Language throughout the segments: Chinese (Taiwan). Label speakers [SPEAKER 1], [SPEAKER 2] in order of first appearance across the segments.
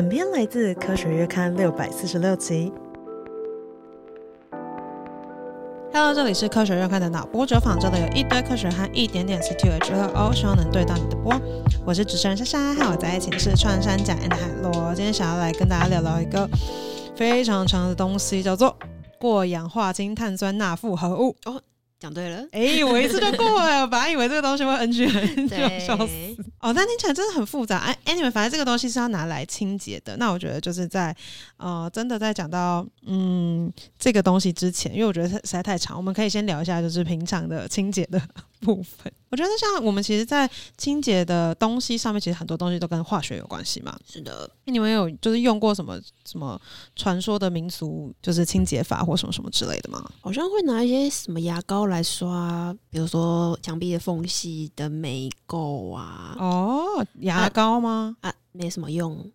[SPEAKER 1] 本片來自《科學月刊》六百四十六期。Hello，這裡是《科學月刊》的腦波酒坊，這裡有一堆科學和一點點 C、H、O，希望能對到你的波。我是主持人莎莎，和我在一起的是穿山甲和海螺。今天想要來跟大家聊聊一個非常長的東西，叫做過氧化氫碳酸鈉複合物。哦。
[SPEAKER 2] 講對了，哎、欸，我一次就過
[SPEAKER 1] 了， 本來以為這個東西會 NG 很久，就笑死。對哦，但聽起來真的很複雜。哎、啊、，Anyway，、欸、反正這個東西是要拿來清潔的。那我覺得就是在呃，真的在講到嗯這個東西之前，因為我覺得實在太長，我們可以先聊一下，就是平常的清潔的部分。我覺得像我們其實，在清潔的東西上面，其實很多東西都跟化學有關係嘛。是的，你們有就是用過什麼什麼傳說的民俗，就是清潔法或什麼什麼之類的嗎？
[SPEAKER 2] 好像會拿一些什麼牙膏來刷，比如說牆壁的縫隙的霉垢啊。哦，牙膏嗎啊？啊，沒什麼用，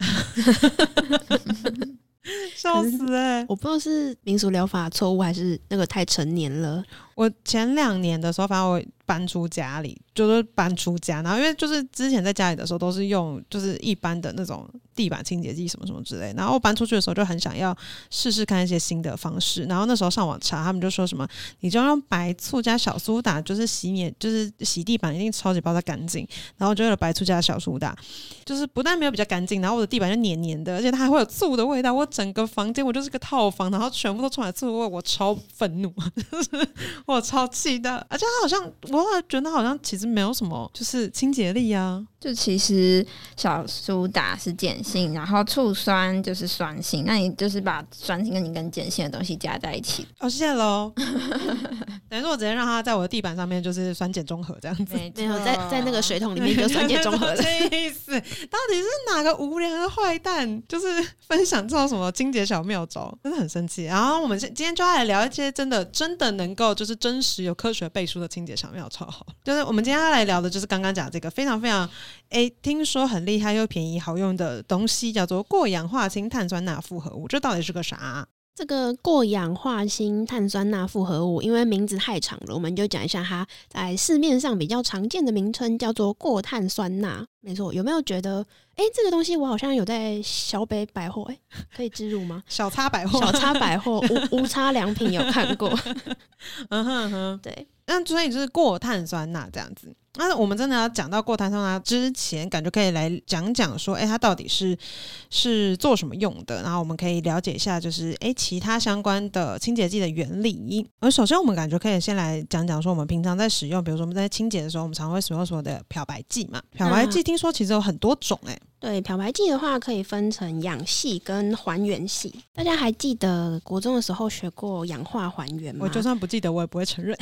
[SPEAKER 2] 笑，， 笑死誒、欸，我不知道是民俗療法錯誤，還是那個太
[SPEAKER 1] 成年了。我前兩年的時候，反正我搬出家裡，就是搬出家，然後因為就是之前在家裡的時候，都是用就是一般的那種地板清潔劑什麼什麼之類，然後我搬出去的時候就很想要試試看一些新的方式，然後那時候上網查，他們就說什麼，你就用白醋加小蘇打，就是洗臉，就是洗地板一定超級包的乾淨，然後就用白醋加小蘇打，就是不但沒有比較乾淨，然後我的地板就黏黏的，而且它還會有醋的味道，我整個房間，我就是個套房，然後全部都充滿醋味，我超憤怒。就是
[SPEAKER 3] 我超期的，而且它好像，我覺得好像其實沒有什麼，就是清潔力呀、啊。就其實小蘇打是鹼性，然後醋酸就是酸性，那你就是把酸性跟你跟鹼性的東西加在一起哦，謝謝嘍。
[SPEAKER 1] 等於說我直接讓它在我的地板上面就是酸鹼中和這樣子，沒錯， 沒有在在那個水桶裡面就酸鹼中和了。就是、這意思 到底是哪個無良的壞蛋，就是分享這種什麼清潔小妙招，真的很生氣。然後我們今今天就要來聊一些真的真的能夠就是真實有科學背書的清潔小妙招， 就是我們今天要來聊的就是剛剛講這個非常非常。誒，聽說很厲害又便宜好用的東西叫做過氧化
[SPEAKER 2] 氫碳酸鈉複合物，這到底是個啥啊？這個過氧化氫碳酸鈉複合物，因為名字太長了，我們就講一下它在市面上比較常見的名稱叫做過碳酸鈉。沒錯，有沒有覺得誒，這個東西我好像有在小北百貨誒，可以置入嗎？小差，小差百貨，小差百貨，無無差良品有看過，嗯
[SPEAKER 1] 哼哼，huh. 對，那所以就是過碳酸鈉這樣子。那、啊、我們真的要講到過碳酸鈉之前，感覺可以來講講說，哎、欸，它到底是是做什麼用的？然後我們可以了解一下，就是哎、欸，其他相關的清潔劑的原理。而首先，我們感覺可以先來講講說，我們平常在使用，比如說我們在清潔的時候，我們常常會使用所謂的漂白劑
[SPEAKER 2] 嘛。漂白劑
[SPEAKER 1] 聽說其實有很多種、欸，哎、啊，
[SPEAKER 2] 對，漂白劑的話可以分成氧系跟還原系。大家還記得國中的時候學過氧化還原嗎？我就算不記得，我也不會承認。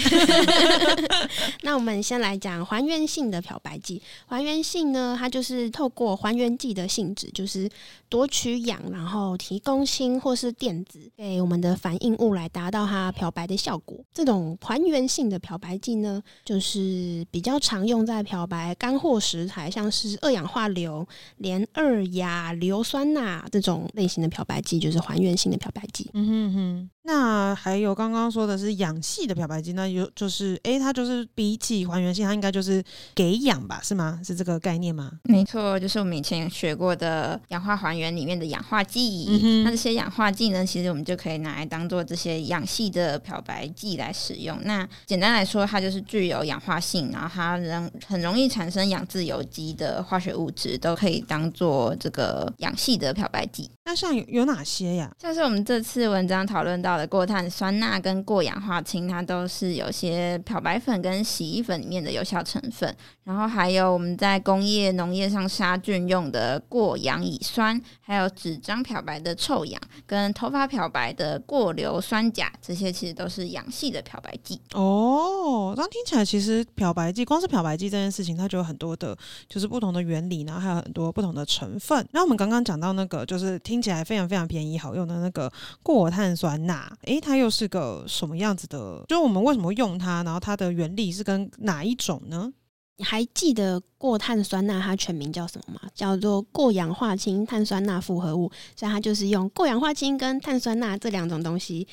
[SPEAKER 2] 那我們先來講還。還原性的漂白劑，還原性呢，它就是透過還原劑的性質，就是奪取氧，然後提供氫或是電子給我們的反應物來達到它漂白的效果。這種還原性的漂白劑呢，就是比較常用在漂白乾貨食材，像是二氧化硫、連二亞硫酸鈉、啊、這種類型的漂白劑，就是還原性的漂白劑。嗯
[SPEAKER 3] 哼哼。
[SPEAKER 2] 那還有剛剛說的是
[SPEAKER 1] 氧系的漂白劑，那有就是，哎，它就是比起還原性，它應該就是給氧吧，是嗎？是這個概念嗎？
[SPEAKER 3] 沒錯，就是我們以前學過的氧化還原裡面的氧化劑。嗯哼。那這些氧化劑呢，其實我們就可以拿來當做這些氧系的漂白劑來使用。那簡單來說，它就是具有氧化性，然後它能很容易產生氧自由基的化學物質，都可以當做這個氧系的漂白劑。那像有有哪些呀？像是我們這次文章討論到。的過碳酸鈉跟過氧化氫，它都是有些漂白粉跟洗衣粉裡面的有效成分。然後還有我們在工業農業上殺菌用的過氧乙酸，還有紙張漂白的臭氧，跟頭髮漂白的過硫酸鉀，這些其實都是氧系的漂白劑。
[SPEAKER 1] 哦，那聽起來其實漂白劑，光是漂白劑這件事情，它就有很多的，就是不同的原理，然後還有很多不同的成分。那我們剛剛講到那個，就是聽起來非常非常便宜好用的那個過碳酸鈉。誒，它又是個什麼樣子的？
[SPEAKER 2] 就我們為什麼用它？然後它的原理是跟哪一種呢？你還記得過碳酸鈉它全名叫什麼嗎？叫做過氧化氫碳酸鈉複合物。所以它就是用過氧化氫跟碳酸鈉這兩種東西，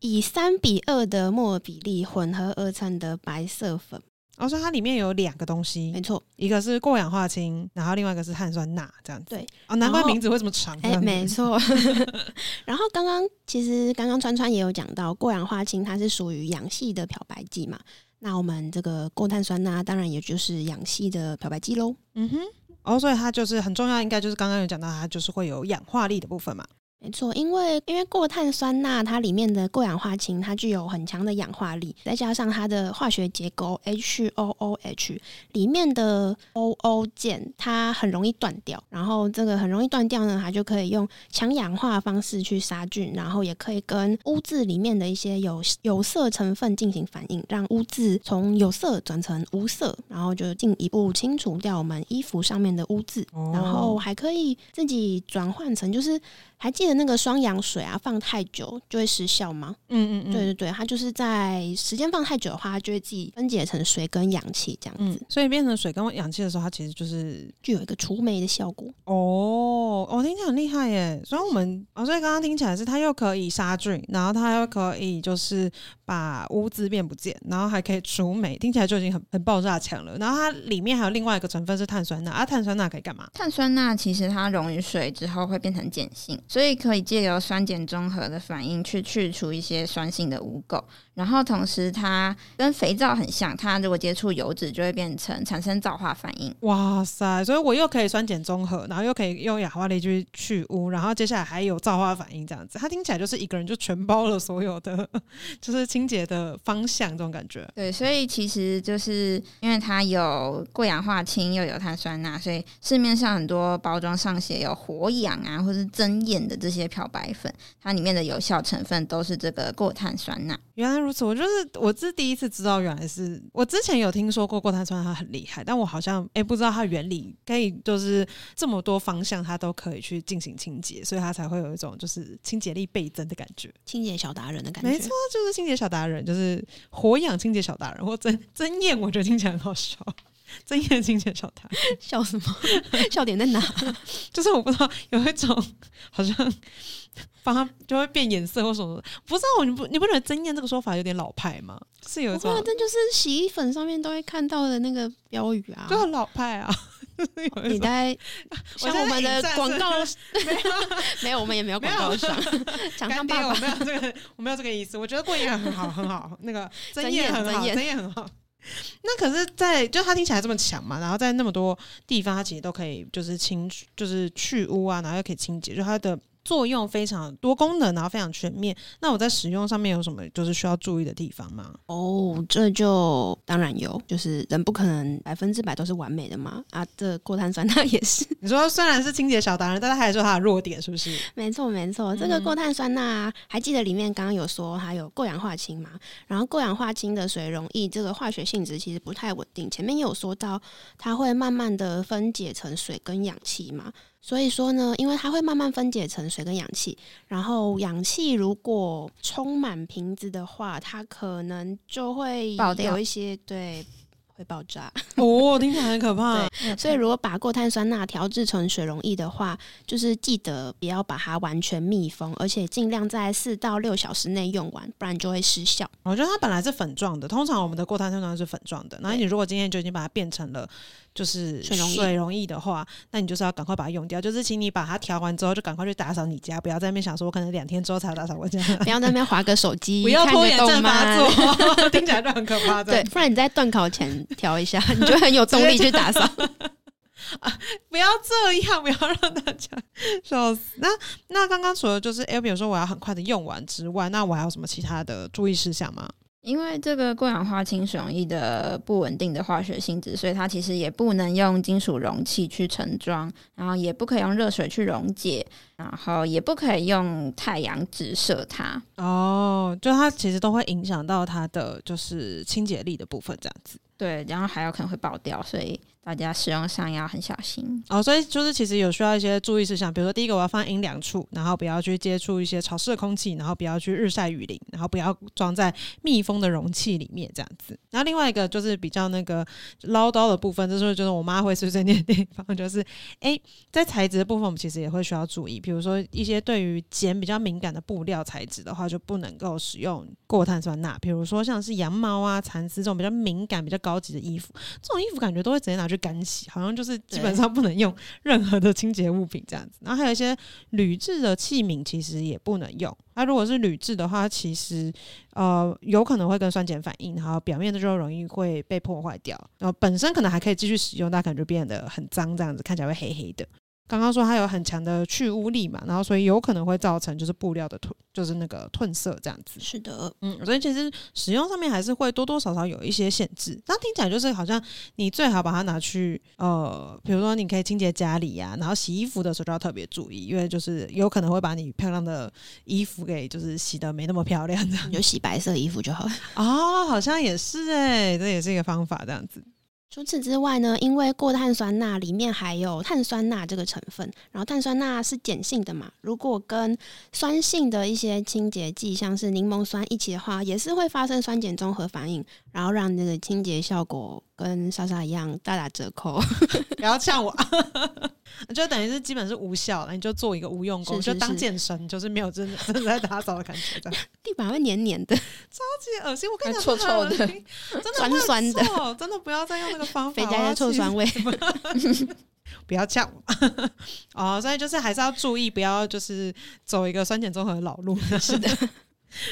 [SPEAKER 2] 以三比二的摩爾比例混合而成的白色粉。哦、所以它裡面有兩個東西，沒錯錯，一個是過氧化氫，然後另外一個是碳酸鈉，這樣子。對，哦，難怪名字會這麼長這、欸。沒錯， 然後剛剛其實剛剛川川也有講到，過氧化氫它是屬於氧系的漂白劑嘛，那我們這個過碳酸鈉、啊、當然也就是氧系的漂白劑嘍。嗯哼，哦，所以它就是很重要，應該就是剛剛有講到它就是會有氧化力的部分嘛。沒錯，因為因為過碳酸鈉、啊、它裡面的過氧化氫，它具有很強的氧化力，再加上它的化學結構 H O O H 裡面的 O O 鍵，它很容易斷掉。然後這個很容易斷掉呢，它就可以用強氧化方式去殺菌，然後也可以跟污漬裡面的一些有有色成分進行反應，讓污漬從有色轉成無色，然後就進一步清除掉我們衣服上面的污漬。哦、然後還可以自己轉換成，就是還記得。那個雙氧水啊，放太久就會失效嗎？嗯嗯嗯，對對對，它就是在時間放太久的話，它就會自己分解成水跟氧氣這樣子，嗯。所以變成水跟氧氣
[SPEAKER 1] 的時候，它其實就是
[SPEAKER 2] 具有一個除霉的效果。哦，我、哦、聽起來很厲害耶！
[SPEAKER 1] 所以我們哦，所以剛剛聽起來是它又可以殺菌，然後它又可以就是把污漬變不見，然後還可以除霉，聽起來就已經很很爆炸強了。然後它裡面還有另外一個
[SPEAKER 3] 成分是碳酸鈉，啊，碳酸鈉可以幹嘛？碳酸鈉其實它溶於水之後會變成鹼性，所以。可以借由酸鹼中和的反應去去除一些酸性的污垢。然後同時，它跟肥皂很像，它如果接觸油脂，就會變成產生皂化反應。哇塞！所以我又可以酸鹼中和，然後又可以用氧化力去去污，然後接下
[SPEAKER 1] 來還有皂化反應這樣子。它聽起來就是一個人就全包了所有的，就是清潔的
[SPEAKER 3] 方向這種感覺。對，所以其實就是因為它有過氧化氫又有碳酸鈉，所以市面上很多包裝上寫有“活氧”啊，或是“增豔”的這些漂白粉，它裡面的有效成分都是這個過碳酸鈉。原來。如此，我
[SPEAKER 1] 就是我是第一次知道，原來是，我之前有聽說過過碳酸，它很厲害，但我好像哎、欸，不知道它原理可以就是這麼多方向，它都可以去進行清潔，所以它才會有一種就是清潔力倍增的感覺，清潔小達人的感覺，沒錯，就是清潔小達人，就是活氧清潔小達人，或真真豔，我覺得聽起來很好笑。增豔情節笑談，笑什麼？笑點在哪？ 就是我不知道，有一種好像幫他就會變顏色或什麼，不知道。你不你不覺得“增豔”這個說法有點老派嗎？
[SPEAKER 2] 就是有一種，那就是洗衣粉上面都會看到的那個標語啊，就很老派啊。啊 種你在像我們的廣告在在是
[SPEAKER 1] 沒有， 我們也沒有廣告商。想象爸爸沒有這個，我沒有這個意思。我覺得“過艷”很好， 很好。那個“增豔”很好，“增豔燕”燕很好。那可是在，在就它聽起來這麼強嘛，然後在那麼多地方，它其實都可以，就是清，就是去污啊，然後又可以清潔，就它的。作用非常多功能，然後非常全面。那我在使用上面有什麼就是需要注意的地方嗎？
[SPEAKER 2] 哦，這就當然有，就是人不可能百分之百都是完美的嘛。啊，這過碳酸鈉也是。你說雖然是清潔小達人，但是還是有它的弱點，是不是？沒錯，沒錯，嗯、這個過碳酸鈉還記得裡面剛剛有說它有過氧化氫嘛？然後過氧化氫的水溶液這個化學性質其實不太穩定，前面也有說到它會慢慢的分解成水跟氧氣嘛。所以說呢，因為它會慢慢分解成水跟氧氣，然後氧氣如果充滿瓶子的話，它可能就會爆掉有一些對，會爆炸哦，聽起來很可怕。 所以如果把過碳酸鈉調製成水溶液的話，就是記得不要把它完全密封，而且盡量在四到六小時內用完，不然就會失效。我覺得它本來是粉狀的，通常我們的過碳酸鈉是粉狀的，那你如果今天就已經把它變成了。就是
[SPEAKER 1] 水容易的話，是那你就是要趕快把它用掉。就是請你把它調完之後，就趕快去打掃你
[SPEAKER 2] 家，不要在那邊想說，我可能兩天之後才打掃我家。不要在那邊滑個手機，不 要拖延症發作， 聽起來就很可怕的。對，不然你在段考前調一下， 你就很有動力去打掃。 啊！
[SPEAKER 1] 不要這樣，不要讓大家笑死。那那剛剛除了就是 L B 說我要很快的用完之外，那我還有什麼其他的注意事項嗎？
[SPEAKER 3] 因為這個過氧化氫水溶液的不穩定的化學性質，所以它其實也不能用金屬容器去盛裝，然後也不可以用熱水去溶解，然後也不可以用太陽直射它。哦，就它其實都會影響到它的就是清潔力的部分，這樣子。對，然後還有可能會爆掉，所以。大家使用上要很小心哦，所以就是其實有需要一些注意事項，比如說第一個我要放陰涼處，然
[SPEAKER 1] 後不要去接觸一些潮濕的空氣，然後不要去日曬雨淋，然後不要裝在密封的容器裡面這樣子。然後另外一個就是比較那個嘮叨的部分，就是，我是就是我媽會是在念的地方，就是哎，在材質的部分我們其實也會需要注意，比如說一些對於鹼比較敏感的布料材質的話，就不能夠使用過碳酸鈉，比如說像是羊毛啊、蠶絲這種比較敏感、比較高級的衣服，這種衣服感覺都會直接拿去乾洗好像就是基本上不能用任何的清潔物品這樣子，然後還有一些鋁制的器皿其實也不能用。它、啊、如果是鋁制的話，其實呃有可能會跟酸鹼反應，然後表面的就容易會被破壞掉。然後本身可能還可以繼續使用，但可能就變得很髒，這樣子看起來會黑黑的。剛剛說它有很強的去污力嘛，然後所以有可能會造成就是布料的褪，就是那個褪色這樣子。是的，嗯，所以其實使用上面還是會多多少少有一些限制。那聽起來就是好像你最好把它拿去，呃，比如說你可以清潔家裡呀、啊，然後洗衣服的時候就要特別注意，因為就是有可能會把你漂亮的衣服給就是洗得沒那麼漂亮。這樣你就洗白色衣服就好了。
[SPEAKER 2] 哦，好像也是哎、欸，這也是一個
[SPEAKER 1] 方法這樣子。
[SPEAKER 2] 除此之外呢，因為過碳酸鈉裡面還有碳酸鈉這個成分，然後碳酸鈉是鹼性的嘛，如果跟酸性的一些清潔劑，像是檸檬酸一起的話，也是會發生酸鹼中和反應，然後讓那個清潔效果跟沙沙一樣大打折扣。不
[SPEAKER 1] 要嗆我。 就等於是基本是無效了，你就做一個無用功，是是是就當健身，就是沒有真的正在打掃的感覺的。 地
[SPEAKER 2] 板會黏黏的，超級惡心，我感
[SPEAKER 1] 覺說臭臭的，真的酸酸的，真的不要再用那個方法，啊，加加臭酸味，實 不要這樣。 哦，所以就是還是要注意，不要就是走一個酸鹼中和的老路，是的。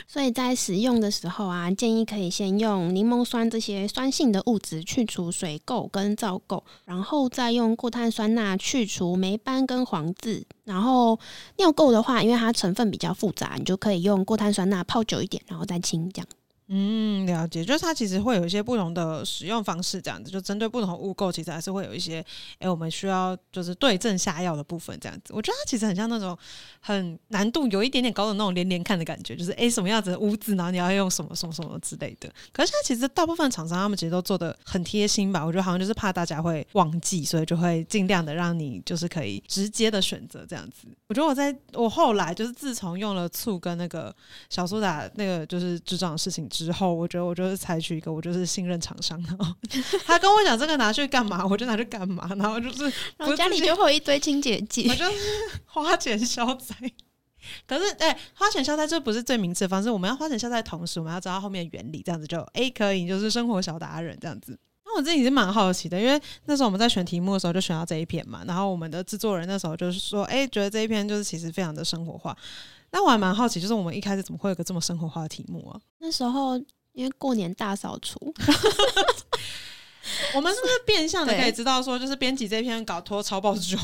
[SPEAKER 2] 所以在使用的時候啊，建議可以先用檸檬酸這些酸性的物質去除水垢跟皂垢，然後再用過碳酸鈉去除霉斑跟黃漬。然後尿垢的話，因為它成分比較複雜，你就可以用過碳酸鈉泡久一點，然後再清一。這樣。嗯，
[SPEAKER 1] 了解，就是它其實會有一些不同的使用方式，這樣子，就針對不同的污垢，其實還是會有一些，哎、欸，我們需要就是對症下藥的部分，這樣子。我覺得它其實很像那種很難度有一點點高的那種連連看的感覺，就是哎、欸、什麼樣子的污漬，然後你要用什麼什麼什麼之類的。可是它其實大部分廠商他們其實都做得很貼心吧？我覺得好像就是怕大家會忘記，所以就會盡量的讓你就是可以直接的選擇這樣子。我覺得我在我後來就是自從用了醋跟那個小蘇打那個就是製造的事情治。之後，我覺得我就是採取一個，我就是信任廠商。然後他跟我講這個拿去幹嘛， 我就拿去幹嘛。然後就是我，我家裡就會有一堆清潔劑，我就是花錢消災。 可是，哎、欸，花錢消災就不是最明智的方式。我們要花錢消災的同時，我們要知道後面的原理，這樣子就，哎、欸，可以就是生活小達人這樣子。我自己是蠻好奇的，因為那時候我們在選題目的時候就選到這一篇嘛，然後我們的制作人那時候就是說，哎、欸，覺得這一篇就是其實非常的生活化。那我還蠻好奇，就是我們一開始怎麼會有個這麼生活化的題目啊？
[SPEAKER 2] 那時候因為過年大掃除， 我們是不是變相的可以知道說，就
[SPEAKER 1] 是編輯這篇稿拖超爆久，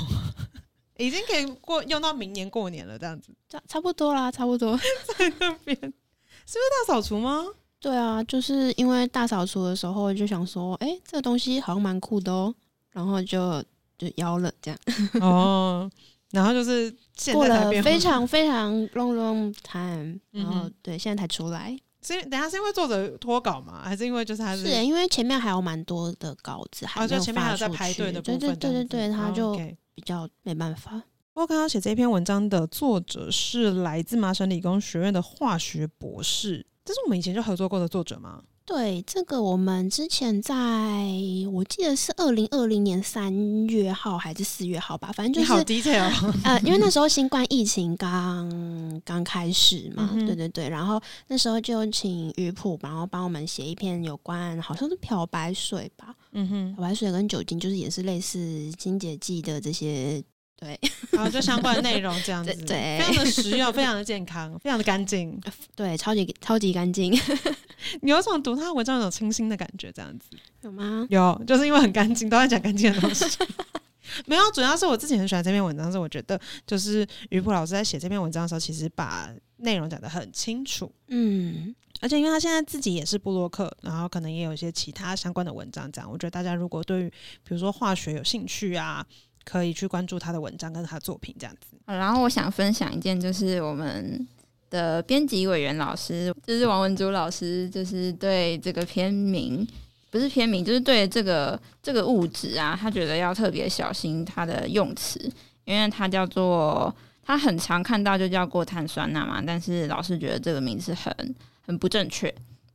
[SPEAKER 1] 已經可以過用到明年過年了，這樣子，
[SPEAKER 2] 差差不多啦，差不多在那邊， 是不是大掃除嗎？對啊，就是因為大掃除的時候就想說，哎、欸，這個東西好像蠻酷的哦、喔，然後就就邀了這樣。哦，然後就是過了非常非常 long long time，、嗯、哼然後對，現在才出來。所以等下是因為作者
[SPEAKER 1] 脫稿嘛，還是因為就是他是？是、欸，因
[SPEAKER 2] 為前面還有蠻多的稿子還有、哦、前面還有在排隊的子。對對對對對，他就比較沒辦法。我剛剛寫這篇文章的作者
[SPEAKER 1] 是來自麻省理工學院的化學博士，這是我們以前就合作過的作者嗎？
[SPEAKER 2] 對，這個我們之前，在我記得是二零二零年三月號還是四月號吧，反正就是好 detail 喔。呃，因為那時候新冠疫情剛剛 開始嘛，嗯哼，對對對，然後那時候就請魚普，然後幫我們寫一篇有關好像是漂白水吧，嗯哼，漂白水跟酒精，就是也是類似清潔劑的這些。對，然後、哦、就相關的內容
[SPEAKER 1] 這樣子， 對，對非常的實用，非常的健康，非常的乾淨，對，超級超級乾淨。 你有種讀他的文章那種清新的感覺，這樣子有嗎？有，就是因為很乾淨，都在講乾淨的東西。 沒有，主要是我自己很喜歡這篇文章，是我覺得就是於普老師在寫這篇文章的時候，其實把內容講得很清楚。嗯，而且因為他現在自己也是部落客，然後可能也有一些其他相關的文章這樣，我覺得大家如果對於比如說化學有
[SPEAKER 3] 興趣啊。可以去關注他的文章跟他的作品這樣子。然後我想分享一件，就是我們的編輯委員老師，就是王文珠老師，就是對這個篇名，不是篇名，就是對這個這個物質啊，他覺得要特別小心它的用詞，因為它叫做，他很常看到就叫過碳酸鈉嘛，但是老師覺得這個名字很很不正確，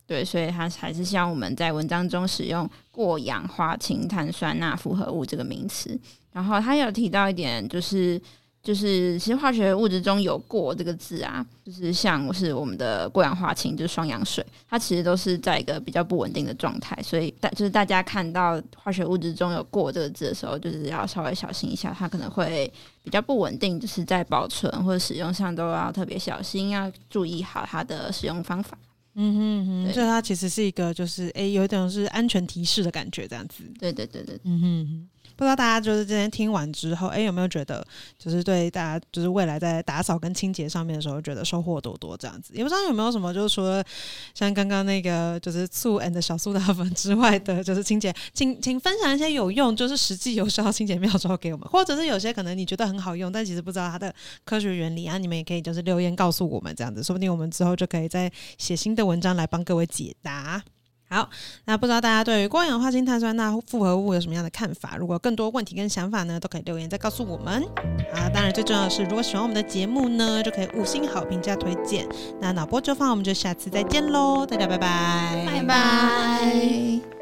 [SPEAKER 3] 對，所以他還是希望我們在文章中使用過氧化氫碳酸鈉複合物這個名詞。然後他有提到一點，就是就是其實化學物質中有“過”這個字啊，就是像是我們的過氧化氫，就是雙氧水，它其實都是在一個比較不穩定的狀態，所以大就是大家看到化學物質中有“過”這個字的時候，就是要稍微小心一下，它可能會比較不穩定，就是在保存或者使用上都要特別小心，要注意好它的使用方法。嗯哼哼，對所以它其實是一個就是誒，有一種是安全提示的感覺，這樣子。對對對對，嗯哼
[SPEAKER 1] 哼。不知道大家就是今天聽完之後，誒、欸，有沒有覺得就是對大家就是未來在打掃跟清潔上面的時候，覺得收穫多多這樣子？也不知道有沒有什麼，就是除了像剛剛那個就是醋 and 小蘇打粉之外的，就是清潔，請請分享一些有用，就是實際有效清潔妙招給我們，或者是有些可能你覺得很好用，但其實不知道它的科學原理啊，你們也可以就是留言告訴我們這樣子，說不定我們之後就可以再寫新的文章來幫各位解答。好，那不知道大家對於過氧化氫碳酸鈉複合物有什麼樣的看法？如果有更多問題跟想法呢，都可以留言再告訴我們。啊，當然最重要的是，如果喜歡我們的節目呢，就可以五星好評加推薦。那腦波酒坊，我們就下次再見嘍，大家拜拜，拜拜。